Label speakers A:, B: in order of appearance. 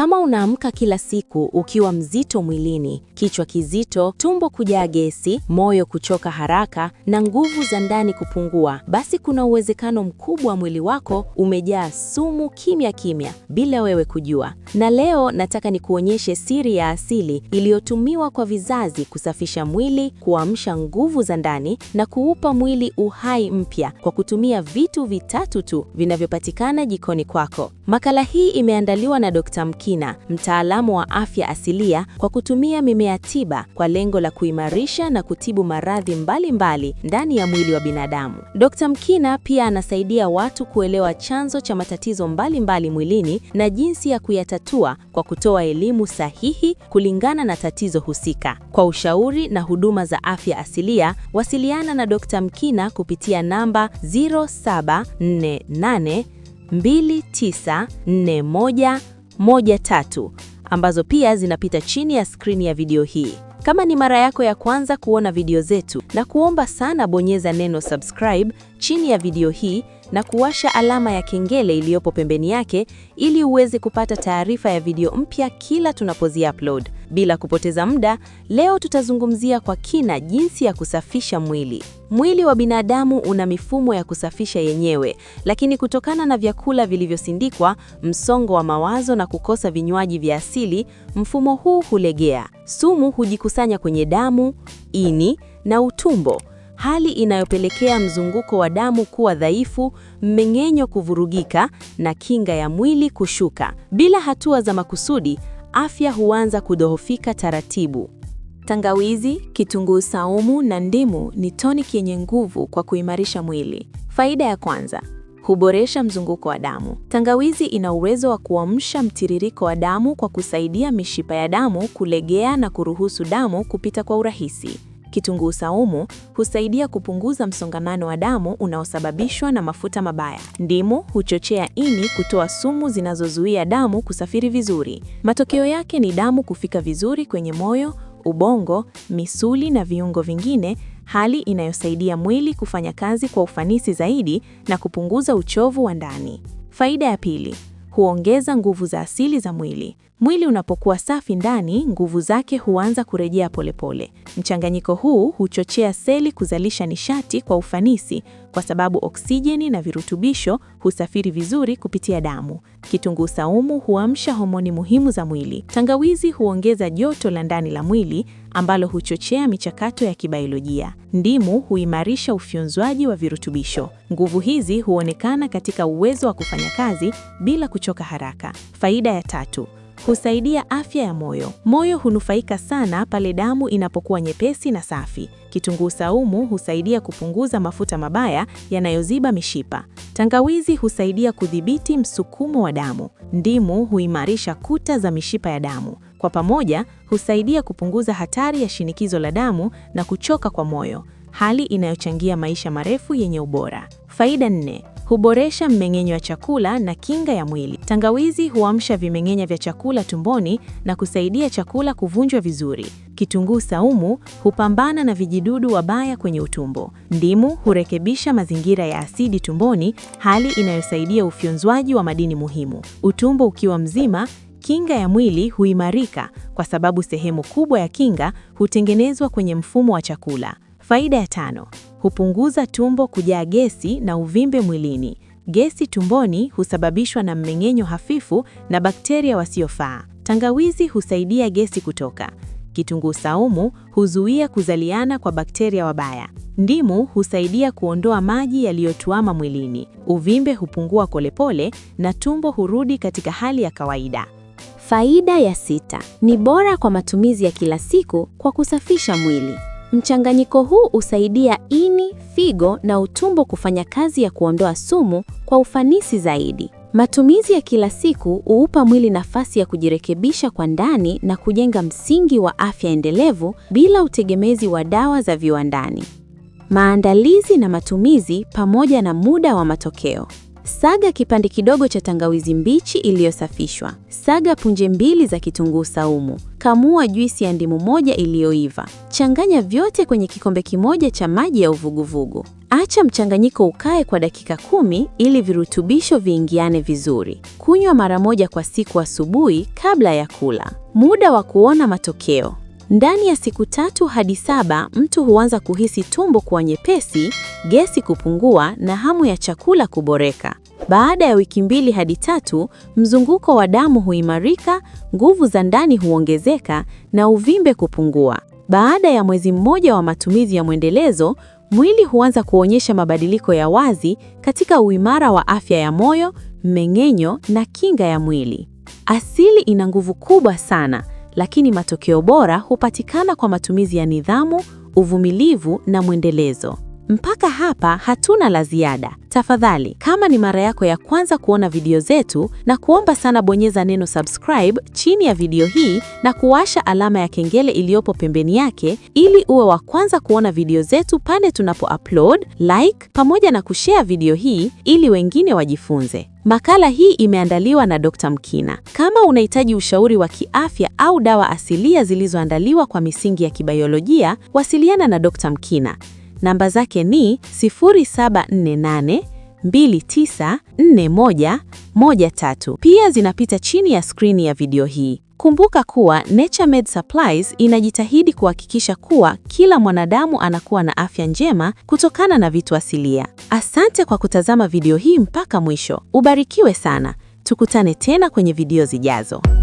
A: Kama unaamka kila siku ukiwa mzito mwilini, kichwa kizito, tumbo kujaa gesi, moyo kuchoka haraka na nguvu za ndani kupungua, basi kuna uwezekano mkubwa mwili wako umejaa sumu kimya kimya bila wewe kujua. Na leo nataka nikuonyeshe siri ya asili iliyotumiwa kwa vizazi kusafisha mwili, kuamsha nguvu za ndani na kuupa mwili uhai mpya kwa kutumia vitu vitatu tu vinavyopatikana jikoni kwako. Makala hii imeandaliwa na Dr. Mki Kina, mtaalamu wa afya asilia, kwa kutumia mimea tiba kwa lengo la kuimarisha na kutibu maradhi mbalimbali ndani ya mwili wa binadamu. Dr. Mkina pia anasaidia watu kuelewa chanzo cha matatizo mbalimbali mbali mwilini na jinsi ya kuyatatua kwa kutoa elimu sahihi kulingana na tatizo husika. Kwa ushauri na huduma za afya asilia, wasiliana na Dr. Mkina kupitia namba 0748 2941 13 ambazo pia zinapita chini ya skrini ya video hii. Kama ni mara yako ya kwanza kuona video zetu, na kuomba sana bonyeza neno subscribe chini ya video hii na kuwasha alama ya kengele iliyopo pembeni yake ili uweze kupata taarifa ya video mpya kila upload. Bila kupoteza muda, leo tutazungumzia kwa kina jinsi ya kusafisha mwili. Mwili wa binadamu una mifumo ya kusafisha yenyewe, lakini kutokana na vyakula vilivyosindikwa, msongo wa mawazo na kukosa vinywaji vya asili, mfumo huu hulegea. Sumu hujikusanya kwenye damu, ini na utumbo hali inayopelekea mzunguko wa damu kuwa dhaifu, mmeng'enyo kuvurugika na kinga ya mwili kushuka. Bila hatua za makusudi, afya huanza kudhoofika taratibu. Tangawizi, kitunguu saumu na ndimu ni tonic yenye nguvu kwa kuimarisha mwili. Faida ya kwanza, huboresha mzunguko wa damu. Tangawizi ina uwezo wa kuamsha mtiririko wa damu kwa kusaidia mishipa ya damu kulegea na kuruhusu damu kupita kwa urahisi. Kitunguu saumu husaidia kupunguza msongamano wa damu unaosababishwa na mafuta mabaya. Ndimu huchochea ini kutoa sumu zinazozuia damu kusafiri vizuri. Matokeo yake ni damu kufika vizuri kwenye moyo, ubongo, misuli na viungo vingine, hali inayosaidia mwili kufanya kazi kwa ufanisi zaidi na kupunguza uchovu wa ndani. Faida ya pili, huongeza nguvu za asili za mwili. Mwili unapokuwa safi ndani, nguvu zake huanza kurejea polepole. Mchanganyiko huu huchochea seli kuzalisha nishati kwa ufanisi, kwa sababu oksijeni na virutubisho husafiri vizuri kupitia damu. Kitunguu saumu huamsha homoni muhimu za mwili. Tangawizi huongeza joto la ndani la mwili, ambalo huchochea michakato ya kibaiolojia Ndimu huimarisha ufyonzwaji wa virutubisho. Nguvu hizi huonekana katika uwezo wa kufanya kazi bila kuchoka haraka. Faida ya tatu husaidia afya ya moyo. Moyo hunufaika sana pale damu inapokuwa nyepesi na safi. Kitunguu saumu husaidia kupunguza mafuta mabaya yanayoziba mishipa. Tangawizi husaidia kudhibiti msukumo wa damu. Ndimu huimarisha kuta za mishipa ya damu. Kwa pamoja husaidia kupunguza hatari ya shinikizo la damu na kuchoka kwa moyo, hali inayochangia maisha marefu yenye ubora. Faida nne: huboresha mmeng'enyo wa chakula na kinga ya mwili. Tangawizi huamsha vimeng'enya vya chakula tumboni na kusaidia chakula kuvunjwa vizuri. Kitunguu saumu hupambana na vijidudu wabaya kwenye utumbo. Ndimu hurekebisha mazingira ya asidi tumboni, hali inayosaidia ufyonzwaji wa madini muhimu. Utumbo ukiwa mzima, Kinga ya mwili huimarika kwa sababu sehemu kubwa ya kinga hutengenezwa kwenye mfumo wa chakula. Faida ya tano, hupunguza tumbo kujaa gesi na uvimbe mwilini. Gesi tumboni husababishwa na mmeng'enyo hafifu na bakteria wasiofaa. Tangawizi husaidia gesi kutoka. Kitunguu saumu huzuia kuzaliana kwa bakteria wabaya. Ndimu husaidia kuondoa maji yaliyotuama mwilini. Uvimbe hupungua polepole na tumbo hurudi katika hali ya kawaida.
B: Faida ya sita: ni bora kwa matumizi ya kila siku kwa kusafisha mwili. Mchanganyiko huu husaidia ini, figo na utumbo kufanya kazi ya kuondoa sumu kwa ufanisi zaidi. Matumizi ya kila siku huupa mwili nafasi ya kujirekebisha kwa ndani na kujenga msingi wa afya endelevu bila utegemezi wa dawa za viwandani. Maandalizi na matumizi pamoja na muda wa matokeo. Saga kipande kidogo cha tangawizi mbichi iliyosafishwa. Saga punje mbili za kitunguu saumu. Kamua juisi ya ndimu moja iliyoiva. Changanya vyote kwenye kikombe kimoja cha maji ya uvuguvugu. Acha mchanganyiko ukae kwa dakika kumi ili virutubisho viingiane vizuri. Kunywa mara moja kwa siku asubuhi kabla ya kula. Muda wa kuona matokeo. Ndani ya siku tatu hadi saba mtu huanza kuhisi tumbo kuwa nyepesi, gesi kupungua na hamu ya chakula kuboreka. Baada ya wiki mbili hadi tatu, mzunguko wa damu huimarika, nguvu za ndani huongezeka na uvimbe kupungua. Baada ya mwezi mmoja wa matumizi ya mwendelezo, mwili huanza kuonyesha mabadiliko ya wazi katika uimara wa afya ya moyo, mmeng'enyo na kinga ya mwili. Asili ina nguvu kubwa sana, lakini matokeo bora hupatikana kwa matumizi ya nidhamu, uvumilivu na mwendelezo. Mpaka hapa hatuna la ziada. Tafadhali, kama ni mara yako ya kwanza kuona video zetu, na kuomba sana bonyeza neno subscribe chini ya video hii na kuwasha alama ya kengele iliyopo pembeni yake ili uwe wa kwanza kuona video zetu pale tunapo upload, like pamoja na kushare video hii ili wengine wajifunze. Makala hii imeandaliwa na Dr. Mkina. Kama unahitaji ushauri wa kiafya au dawa asilia zilizoandaliwa kwa misingi ya kibayolojia, wasiliana na Dr. Mkina. Namba zake ni 0748 Pia zinapita chini ya skrini ya video hii. Kumbuka kuwa Naturemed Supplies inajitahidi kuhakikisha kuwa kila mwanadamu anakuwa na afya njema kutokana na vitu asilia. Asante kwa kutazama video hii mpaka mwisho. Ubarikiwe sana. Tukutane tena kwenye video zijazo.